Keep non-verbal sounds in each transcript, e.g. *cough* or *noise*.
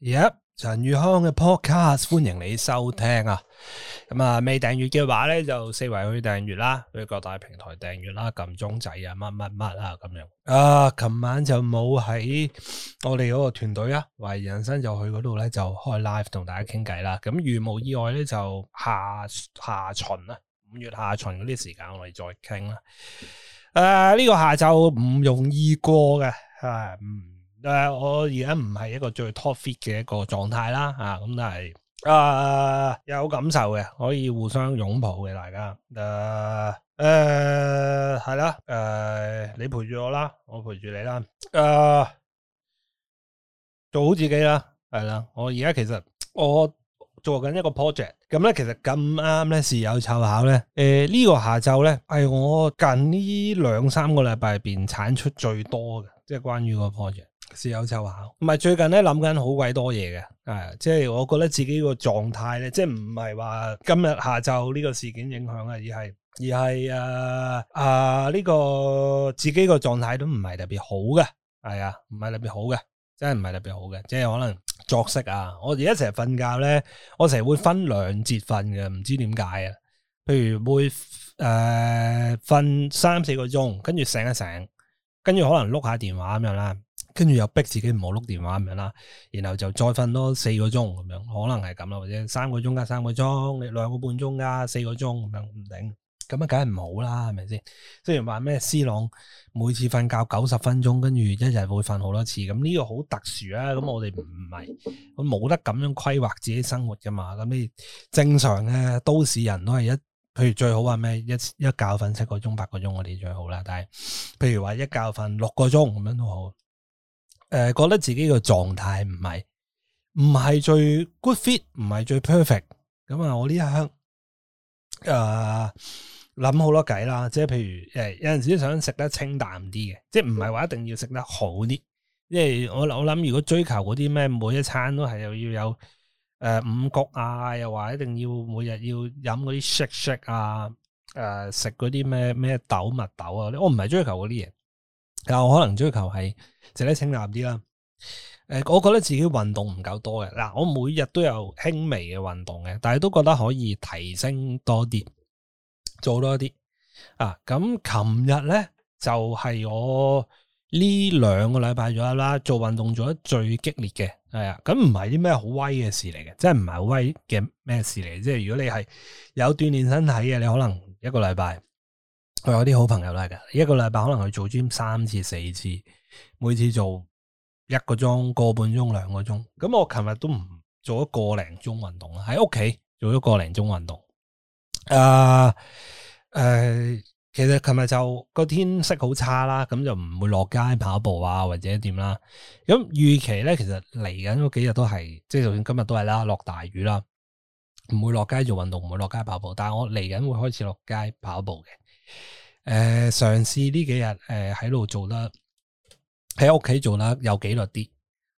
Yep 陳宇康嘅 podcast，歡迎你收聽啊！咁啊，未訂閱嘅話咧，就四圍去訂閱啦，去各大平台訂閱啦，撳鐘仔什麼什麼啊，乜乜乜啊，咁樣啊！琴晚就冇喺我哋嗰個團隊啊，懷疑人生就去嗰度咧，就開 live 同大家傾偈啦。咁如無意外咧，就下下旬啊，五月下旬嗰啲時間我哋再傾啦。誒，呢個下晝唔容易過嘅，哎，嗯。誒、呃，我而家唔係一個最 top fit 嘅一個狀態啦，吓、啊、咁但係誒、呃、有感受嘅，可以互相擁抱嘅大家，誒誒係啦，誒、呃、你陪住我啦，我陪住你啦，誒、呃、做好自己啦，係啦，我而家其實我做緊一個 project，咁咧其實咁啱咧事有湊巧咧，誒、呃、呢、這個下晝咧係我近呢兩三個禮拜入邊產出最多嘅，即係關於個 project。事有湊巧，唔係最近咧諗緊好鬼多嘢嘅，係即係我覺得自己個狀態咧，即係唔係話今日下晝呢個事件影響啊，而係而係誒誒呢個自己個狀態都唔係特別好嘅，係啊，唔係特別好嘅，真係唔係特別好嘅，即係可能作息啊，我而家成日瞓覺咧，我成日會分兩節瞓嘅，唔知點解啊，譬如會誒瞓、呃、三四個鐘，跟住醒一醒，跟住可能碌下電話咁樣啦。跟住又逼自己唔好碌電話咁樣啦，然後就再瞓多四個鐘咁樣，可能係咁咯，或者三個鐘加三個鐘，你兩個半鐘加四個鐘咁樣唔頂，咁啊梗係唔好啦，係咪先？雖然話咩 C 朗每次瞓覺九十分鐘，跟住一日會瞓好多次，咁呢個好特殊啊，咁我哋唔係，我冇得咁樣規劃自己生活噶嘛，咁你正常嘅都市人都係一，譬如最好話咩，一一覺瞓七個鐘八個鐘，我哋最好啦，但係譬如話一覺瞓六個鐘咁樣都好。誒、呃，覺得自己個狀態唔係唔係最 good fit，唔係最 perfect。咁、呃、啊，我呢一向誒諗好多計啦，即係譬如，誒有陣時想食得清淡啲嘅，即係唔係話一定要食得好啲。因為我我諗如果追求嗰啲咩，每一餐都係又要有誒五穀啊，又話一定要每日要飲嗰啲 shake shake 啊，誒、呃、食嗰啲咩咩豆蜜豆啊，我唔係追求嗰啲嘢。但我可能追求係食得清淡啲啦。誒，我覺得自己運動唔夠多嘅。嗱，我每日都有輕微嘅運動嘅，但係都覺得可以提升多啲，做多啲。啊，咁琴日咧就係、是、我呢兩個禮拜左右啦，做運動做得最激烈嘅。係啊，咁唔係啲咩好威嘅事嚟嘅，即係唔係好威嘅咩事嚟？即係如果你係有鍛煉身體嘅，你可能一個禮拜。我有啲好朋友都係噶，一個禮拜可能去做 gym 三次四次，每次做一個鐘、個半鐘、兩個鐘。咁我琴日都唔做咗個零鐘運動啦，喺屋企做咗個零鐘運動。誒誒、呃呃，其實琴日就個天色好差啦，咁就唔會落街跑步啊，或者點啦。咁預期咧，其實嚟緊嗰幾日都係，即係就算今日都係啦，落大雨啦，唔會落街做運動，唔會落街跑步。但係我嚟緊會開始落街跑步嘅。誒，嘗試呢幾日誒喺度做得喺屋企做得有紀律啲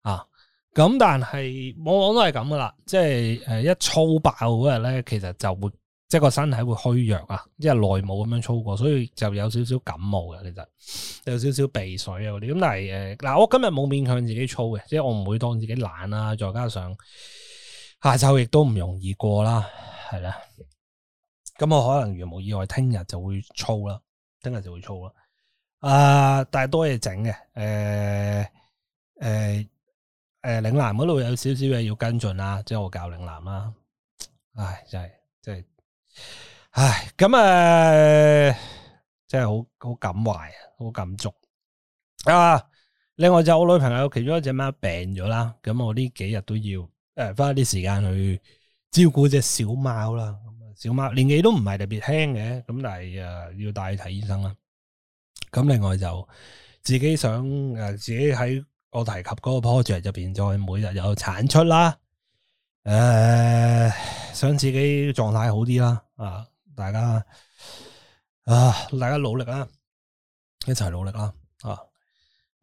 啊。咁但係往往都係咁噶啦，即係誒、呃、一操爆嗰日咧，其實就會即係個身體會虛弱啊，即係內冇咁樣操過，所以就有少少感冒嘅，其實有少少鼻水啊嗰啲。咁但係誒嗱，我今日冇勉強自己操嘅，即係我唔會當自己懶啦，再加上下晝亦都唔容易過啦，係啦。咁我可能如無意外，聽日就會燥啦，聽日就會燥啦。啊，但係多嘢整嘅，誒、呃，誒、呃，誒、呃，嶺南嗰度有少少嘢要跟進啦，即係我教嶺南啦。唉，真係真係，唉，咁啊，真係好好感懷，好感觸啊！另外就我女朋友其中一隻貓病咗啦，咁我呢幾日都要誒、呃、花啲時間去照顧隻小貓啦。小貓年紀都唔係特別輕嘅，咁但係誒、呃、要帶去睇醫生啦。咁另外就自己想誒、呃，自己喺我提及嗰個 project 入邊，再每日有產出啦。誒、呃，想自己狀態好啲啦。啊，大家啊，大家努力啦，一齊努力啦，啊！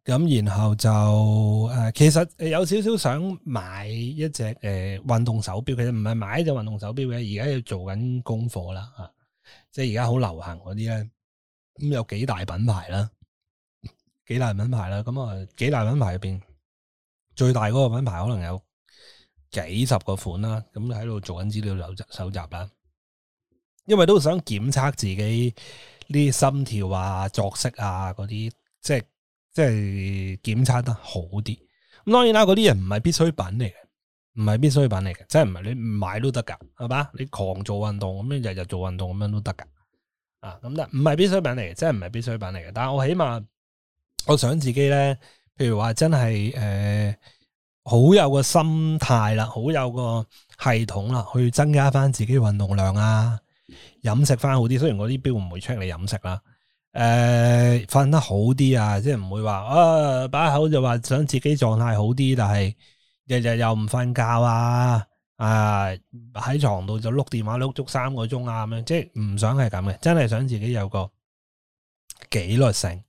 咁然後就誒、呃，其實誒有少少想買一隻誒、呃、運動手錶，其實唔係買一隻運動手錶嘅，而家要做緊功課啦吓、啊，即係而家好流行嗰啲咧，咁、嗯、有幾大品牌啦，幾大品牌啦，咁、嗯、啊幾大品牌入邊，最大嗰個品牌可能有幾十個款啦，咁喺度做緊資料搜集搜集啦，因為都想檢測自己啲心跳啊、作息啊嗰啲，即係。即係檢測得好啲，咁當然啦，嗰啲人唔係必需品嚟嘅，唔係必需品嚟嘅，即係唔係你買都得噶，係嘛？你狂做運動咁樣，日日做運動咁樣都得噶，啊，咁但唔係必需品嚟嘅，即係唔係必需品嚟嘅。但係我起碼，我想自己咧，譬如話真係誒，好、呃、有個心態啦，好有個系統啦，去增加翻自己運動量啊，飲食翻好啲。雖然嗰啲表唔會 check 你飲食啦。誒，瞓、呃、得好啲啊，即係唔會話啊把口就話想自己狀態好啲，但係日日又唔瞓覺啊，啊喺床度就碌電話碌足三個鐘啊咁樣，即係唔想係咁嘅，真係想自己有個紀律性，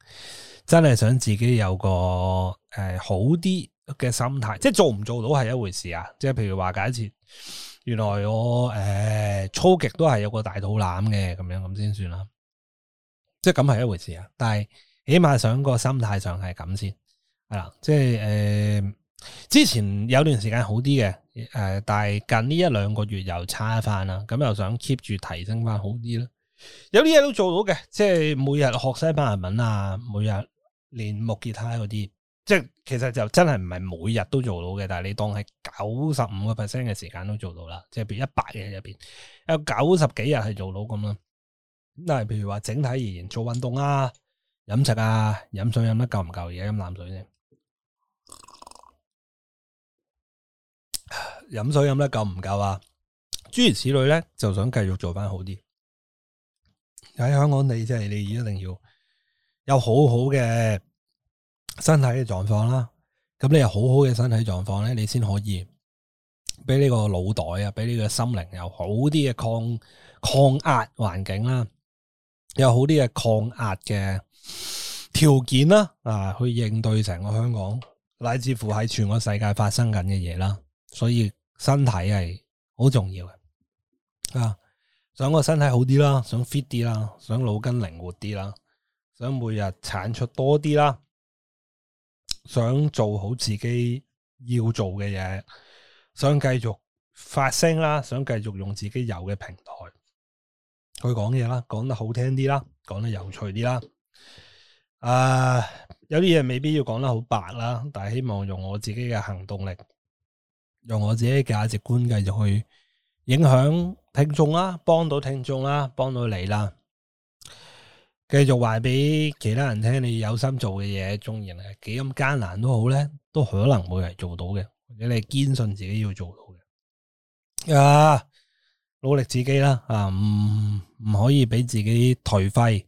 真係想自己有個誒、呃、好啲嘅心態，即係做唔做到係一回事啊，即係譬如話假設原來我誒、呃、操極都係有個大肚腩嘅，咁樣咁先算啦。即係咁係一回事啊，但係起碼想個心態上係咁先係啦。即係誒、呃，之前有段時間好啲嘅誒，但係近呢一兩個月又差翻啦。咁又想 keep 住提升翻好啲啦。有啲嘢都做到嘅，即係每日學西班牙文啊，每日練木吉他嗰啲，即係其實就真係唔係每日都做到嘅，但係你當係九十五個 percent 嘅時間都做到啦。即係譬如一百日入邊有九十幾日係做到咁啦。咁啊但係，譬如話整體而言做運動啊、飲食啊、飲水飲得夠唔夠，而家飲啖水先，飲水飲得夠唔夠啊？諸如此類咧，就想繼續做翻好啲。喺香港你即係你一定要有好好嘅身體嘅狀況啦。咁你有好好嘅身體狀況咧，你先可以俾呢個腦袋啊，俾呢個心靈有好啲嘅抗抗壓環境啦。有好啲嘅抗壓嘅條件啦，啊，去應對成個香港，乃至乎喺全個世界發生緊嘅嘢啦。所以身體係好重要嘅，啊，想個身體好啲啦，想 fit 啲啦，想腦筋靈活啲啦，想每日產出多啲啦，想做好自己要做嘅嘢，想繼續發聲啦，想繼續用自己有嘅平台。佢講嘢啦，講得好聽啲啦，講得有趣啲啦。啊，有啲嘢未必要講得好白啦，但係希望用我自己嘅行動力，用我自己嘅價值觀繼續去影響聽眾啦，幫到聽眾啦，幫到你啦。繼續話俾其他人聽，你有心做嘅嘢，縱然係幾咁艱難都好咧，都可能會係做到嘅。或者你堅信自己要做到嘅。啊！努力自己啦，唔、嗯、唔可以俾自己頹廢，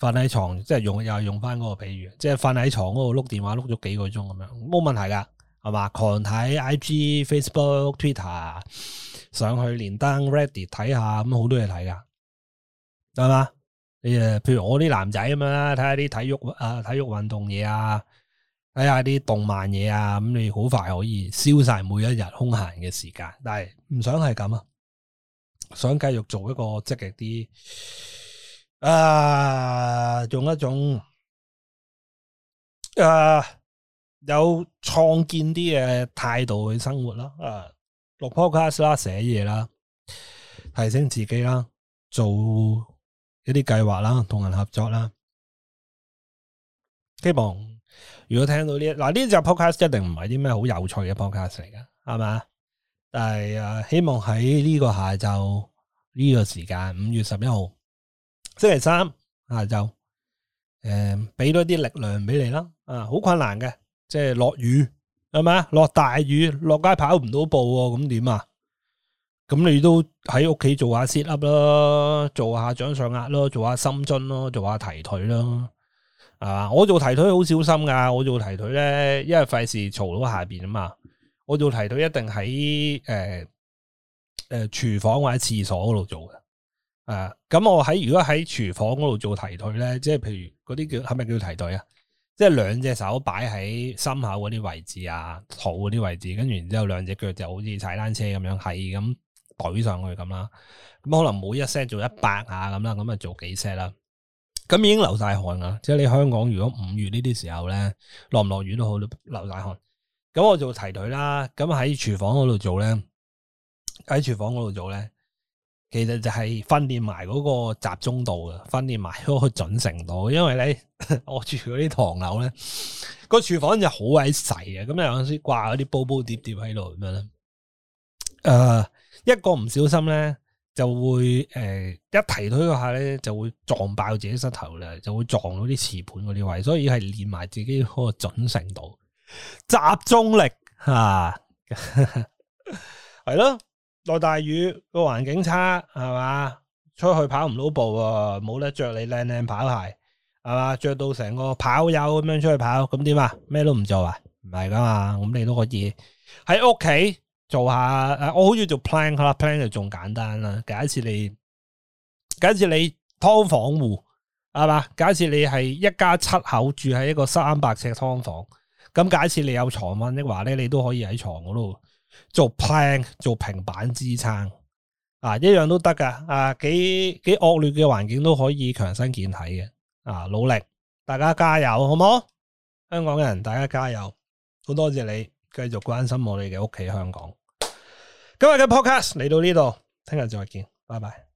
瞓喺床，即係用又係用翻嗰個比喻，即係瞓喺床嗰度碌電話碌咗幾個鐘咁樣，冇問題噶，係嘛？狂睇 IG、Facebook、Twitter，上去連登 Reddit 睇下，咁好多嘢睇噶，係嘛？你誒，譬如我啲男仔咁啦，睇下啲體育啊、呃、體育運動嘢啊，睇下啲動漫嘢啊，咁你好快可以消晒每一日空閒嘅時間，但係唔想係咁啊。想繼續做一個積極啲，啊用一種誒、啊、有創建啲嘅態度去生活啦，誒，錄 podcast 啦，寫嘢啦，提升自己啦，做一啲計劃啦，同人合作啦，希望如果聽到呢，嗱、啊、呢集 podcast 一定唔係啲咩好有趣嘅 podcast 嚟噶，係嘛？係啊，但希望喺呢個下晝呢、呢個時間，五月十一號星期三下晝，誒、呃，俾多啲力量俾你啦。啊，好困難嘅，即係落雨係咪啊？落大雨，落街跑唔到步喎，咁點啊？咁你都喺屋企做下 sit up 咯，做下掌上壓咯，做下深蹲咯，做下提腿咯，係我做提腿好小心噶，我做提腿咧，因為費事嘈到下邊啊嘛。我做提腿一定喺誒誒廚房或者廁所嗰度做嘅，咁、啊、我喺如果喺廚房嗰度做提腿咧，即係譬如嗰啲叫係咪叫提腿啊？即係兩隻手擺喺心口嗰啲位置啊，肚嗰啲位置，跟住然之後兩隻腳就好似踩單車咁樣係咁懟上去咁啦，咁可能每一 set 做一百下咁啦，咁啊做幾 set 啦，咁已經流晒汗噶啦。即係你香港如果五月呢啲時候咧，落唔落雨都好，都流晒汗。咁我做提腿啦，咁喺廚房嗰度做咧，喺廚房嗰度做咧，其實就係訓練埋嗰個集中度嘅，訓練埋嗰個準程度。因為咧， *laughs* 我住嗰啲唐樓咧，個廚房就好鬼細嘅，咁有陣時掛嗰啲煲煲碟碟喺度咁樣咧。誒、呃，一個唔小心咧，就會誒、呃、一提腿嗰下咧，就會撞爆自己膝頭嘅，就會撞到啲瓷盤嗰啲位，所以係練埋自己嗰個準程度。集中力啊，係 *laughs* 咯，落大雨個環境差係嘛，出去跑唔到步啊，冇得着你靚靚跑鞋係嘛，着到成個跑友咁樣出去跑，咁點啊？咩都唔做啊？唔係噶嘛，咁你都可以喺屋企做下。我好中意做 plan 啦，plan 就仲簡單啦。假設你，假設你劏房戶係嘛，假設你係一家七口住喺一個三百尺劏房。咁假設你有床蚊的話咧，你都可以喺床嗰度做 plan，做平板支撐，啊，一樣都得㗎，啊，幾幾惡劣嘅環境都可以強身健體嘅，啊，努力，大家加油，好冇？香港人，大家加油，好多謝你繼續關心我哋嘅屋企香港。今日嘅 podcast 嚟到呢度，聽日再見，拜拜。